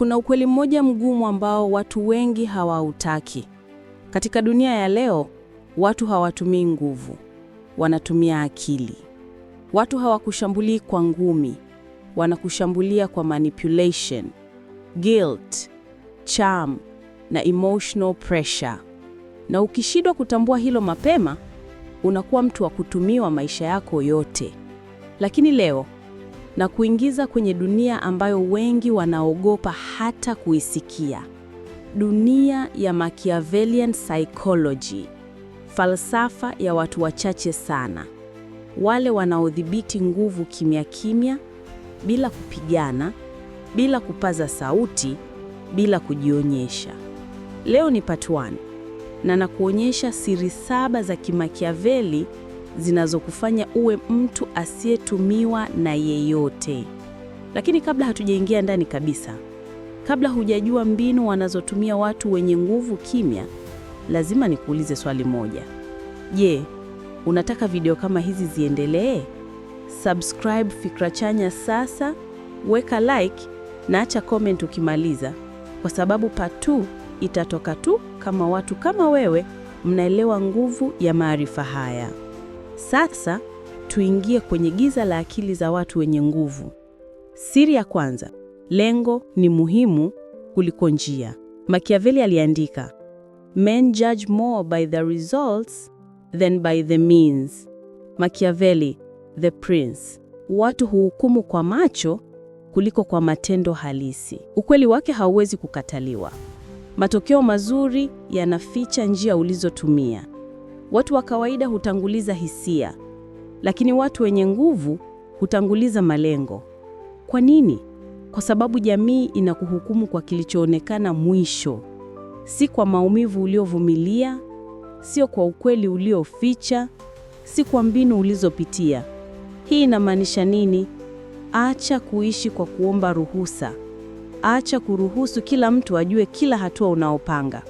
kuna ukweli mmoja mgumu ambao watu wengi hawautaki. Katika dunia ya leo, watu hawatumii nguvu, wanatumia akili. Watu hawakushambulii kwa ngumi, wanakushambulia kwa manipulation, guilt, charm na emotional pressure. Na ukishindwa kutambua hilo mapema, unakuwa mtu wa kutumiwa maisha yako yote. Lakini leo na kuingiza kwenye dunia ambayo wengi wanaogopa hata kuisikia, dunia ya Machiavellian psychology, falsafa ya watu wachache sana, wale wanaodhibiti nguvu kimya kimya, bila kupigana, bila kupaza sauti, bila kujionyesha. Leo ni part 1 na nakuonyesha siri saba za Kimachiavelli zinazokufanya uwe mtu asiyetumiwa na yeyote. Lakini kabla hatujaingia ndani kabisa, kabla hujajua mbinu wanazotumia watu wenye nguvu kimya, lazima nikuulize swali moja. Je, unataka video kama hizi ziendelee? Subscribe Fikra Chanya sasa, weka like na acha comment ukimaliza, kwa sababu part 2 itatoka tu kama watu kama wewe mnaelewa nguvu ya maarifa haya. Sasa tuingie kwenye giza la akili za watu wenye nguvu. Siri ya kwanza, lengo ni muhimu kuliko njia. Machiavelli aliandika, Men judge more by the results than by the means. Machiavelli, The Prince. Watu huhukumu kwa macho kuliko kwa matendo halisi. Ukweli wake hauwezi kukataliwa. Matokeo mazuri yanaficha njia ulizotumia. Watu wa kawaida hutanguliza hisia, lakini watu wenye nguvu hutanguliza malengo. Kwa nini? Kwa sababu jamii inakuhukumu kwa kilichoonekana mwisho, si kwa maumivu uliovumilia, sio kwa ukweli ulioficha, si kwa mbinu ulizopitia. Hii inamaanisha nini? Acha kuishi kwa kuomba ruhusa. Acha kuruhusu kila mtu ajue kila hatua unaopanga.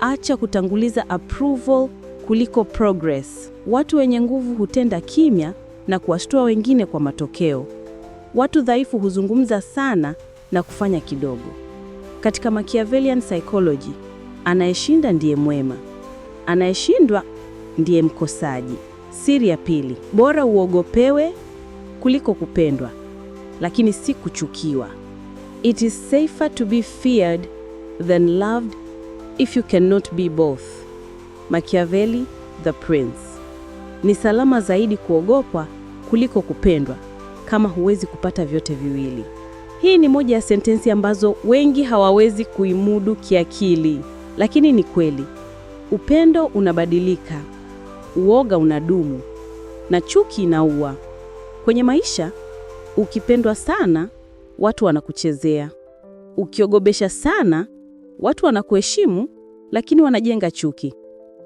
Acha kutanguliza approval kuliko progress. Watu wenye nguvu hutenda kimya na kuwashtua wengine kwa matokeo. Watu dhaifu huzungumza sana na kufanya kidogo. Katika Machiavellian psychology, anayeshinda ndiye mwema, anayeshindwa ndiye mkosaji. Siri ya pili, bora uogopewe kuliko kupendwa, lakini si kuchukiwa. It is safer to be feared than loved if you cannot be both. Machiavelli, The Prince. Ni salama zaidi kuogopwa kuliko kupendwa kama huwezi kupata vyote viwili. Hii ni moja ya sentensi ambazo wengi hawawezi kuimudu kiakili, lakini ni kweli. Upendo unabadilika, uoga unadumu, na chuki inaua. Kwenye maisha, ukipendwa sana, watu wanakuchezea. Ukiogobesha sana, watu wanakuheshimu, lakini wanajenga chuki.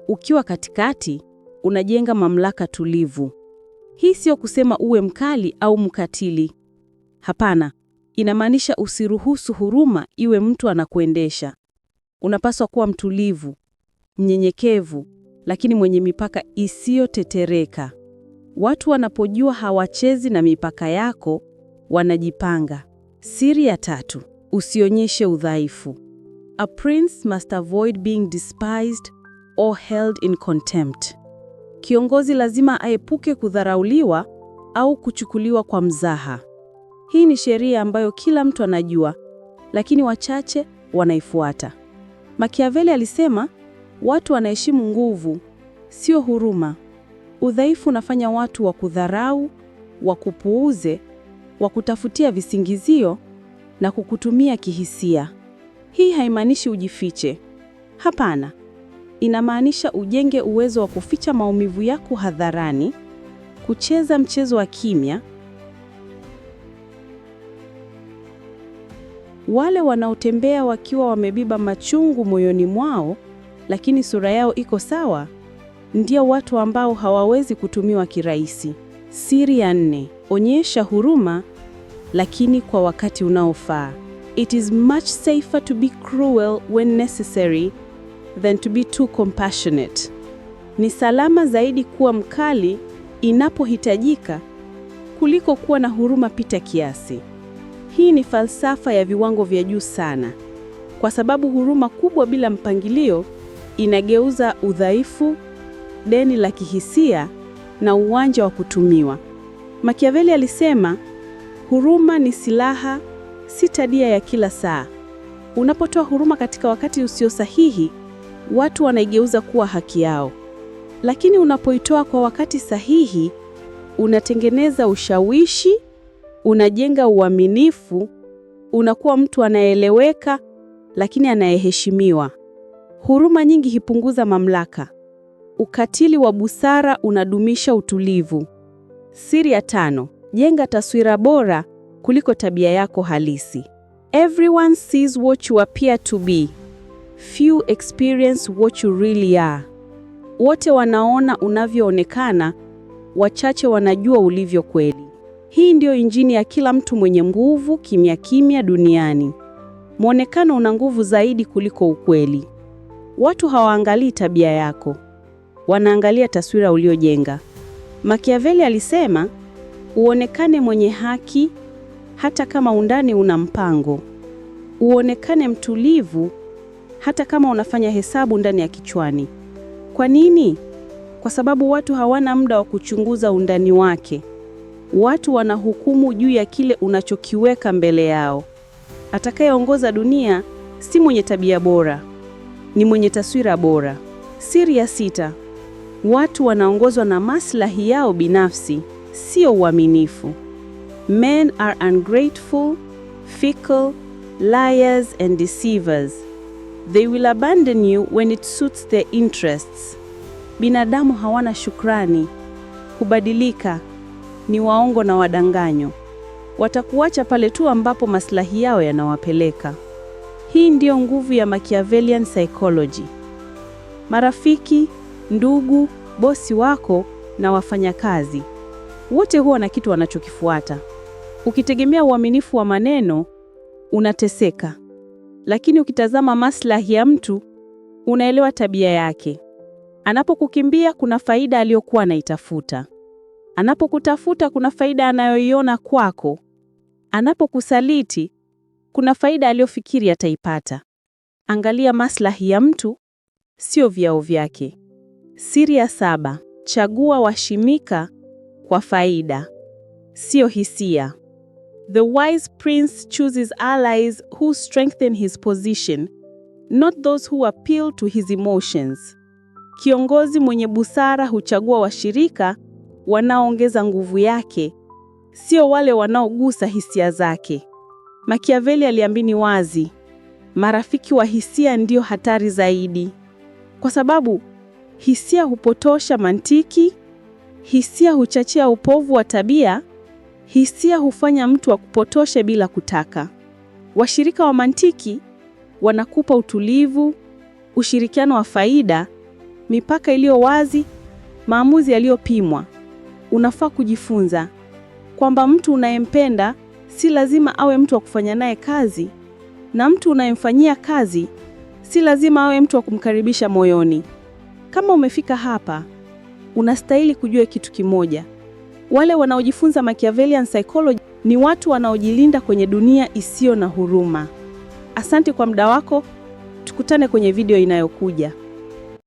Ukiwa katikati, unajenga mamlaka tulivu. Hii sio kusema uwe mkali au mkatili. Hapana, inamaanisha usiruhusu huruma iwe mtu anakuendesha. Unapaswa kuwa mtulivu, mnyenyekevu, lakini mwenye mipaka isiyotetereka. Watu wanapojua hawachezi na mipaka yako, wanajipanga. Siri ya tatu, usionyeshe udhaifu. A prince must avoid being despised or held in contempt. Kiongozi lazima aepuke kudharauliwa au kuchukuliwa kwa mzaha. Hii ni sheria ambayo kila mtu anajua, lakini wachache wanaifuata. Machiavelli alisema, watu wanaheshimu nguvu, sio huruma. Udhaifu unafanya watu wa kudharau, wa kupuuze, wa kutafutia visingizio na kukutumia kihisia. Hii haimaanishi ujifiche. Hapana inamaanisha ujenge uwezo wa kuficha maumivu yako hadharani, kucheza mchezo wa kimya. Wale wanaotembea wakiwa wamebeba machungu moyoni mwao, lakini sura yao iko sawa, ndio watu ambao hawawezi kutumiwa kirahisi. Siri ya nne: onyesha huruma, lakini kwa wakati unaofaa. It is much safer to be cruel when necessary than to be too compassionate. Ni salama zaidi kuwa mkali inapohitajika kuliko kuwa na huruma pita kiasi. Hii ni falsafa ya viwango vya juu sana, kwa sababu huruma kubwa bila mpangilio inageuza udhaifu, deni la kihisia na uwanja wa kutumiwa. Machiavelli alisema, huruma ni silaha, si tabia ya kila saa. Unapotoa huruma katika wakati usio sahihi watu wanaigeuza kuwa haki yao. Lakini unapoitoa kwa wakati sahihi, unatengeneza ushawishi, unajenga uaminifu, unakuwa mtu anayeeleweka lakini anayeheshimiwa. Huruma nyingi hipunguza mamlaka. Ukatili wa busara unadumisha utulivu. Siri ya tano: jenga taswira bora kuliko tabia yako halisi. Everyone sees what you appear to be few experience what you really are. Wote wanaona unavyoonekana, wachache wanajua ulivyo kweli. Hii ndiyo injini ya kila mtu mwenye nguvu kimya kimya duniani. Mwonekano una nguvu zaidi kuliko ukweli. Watu hawaangalii tabia yako, wanaangalia taswira uliojenga. Machiavelli alisema, uonekane mwenye haki hata kama undani una mpango. Uonekane mtulivu hata kama unafanya hesabu ndani ya kichwani. Kwa nini? Kwa sababu watu hawana muda wa kuchunguza undani wake. Watu wanahukumu juu ya kile unachokiweka mbele yao. Atakayeongoza dunia si mwenye tabia bora, ni mwenye taswira bora. Siri ya sita: watu wanaongozwa na maslahi yao binafsi, sio uaminifu. Men are ungrateful, fickle, liars and deceivers. They will abandon you when it suits their interests. Binadamu hawana shukrani, hubadilika, ni waongo na wadanganyo. Watakuacha pale tu ambapo maslahi yao yanawapeleka. Hii ndiyo nguvu ya Machiavellian psychology. Marafiki, ndugu, bosi wako na wafanyakazi wote huwa na kitu wanachokifuata. Ukitegemea uaminifu wa maneno, unateseka lakini ukitazama maslahi ya mtu unaelewa tabia yake. Anapokukimbia kuna faida aliyokuwa anaitafuta, anapokutafuta kuna faida anayoiona kwako, anapokusaliti kuna faida aliyofikiri ataipata. Angalia maslahi ya mtu, sio vyao vyake. Siri ya saba: chagua washimika kwa faida, sio hisia. The wise prince chooses allies who strengthen his position, not those who appeal to his emotions. Kiongozi mwenye busara huchagua washirika wanaoongeza nguvu yake, sio wale wanaogusa hisia zake. Machiavelli aliambini wazi, marafiki wa hisia ndio hatari zaidi, kwa sababu hisia hupotosha mantiki, hisia huchachia upovu wa tabia Hisia hufanya mtu akupotoshe bila kutaka. Washirika wa mantiki wanakupa utulivu, ushirikiano wa faida, mipaka iliyo wazi, maamuzi yaliyopimwa. Unafaa kujifunza kwamba mtu unayempenda si lazima awe mtu wa kufanya naye kazi, na mtu unayemfanyia kazi si lazima awe mtu wa kumkaribisha moyoni. Kama umefika hapa, unastahili kujua kitu kimoja. Wale wanaojifunza Machiavellian psychology ni watu wanaojilinda kwenye dunia isiyo na huruma. Asante kwa muda wako. Tukutane kwenye video inayokuja.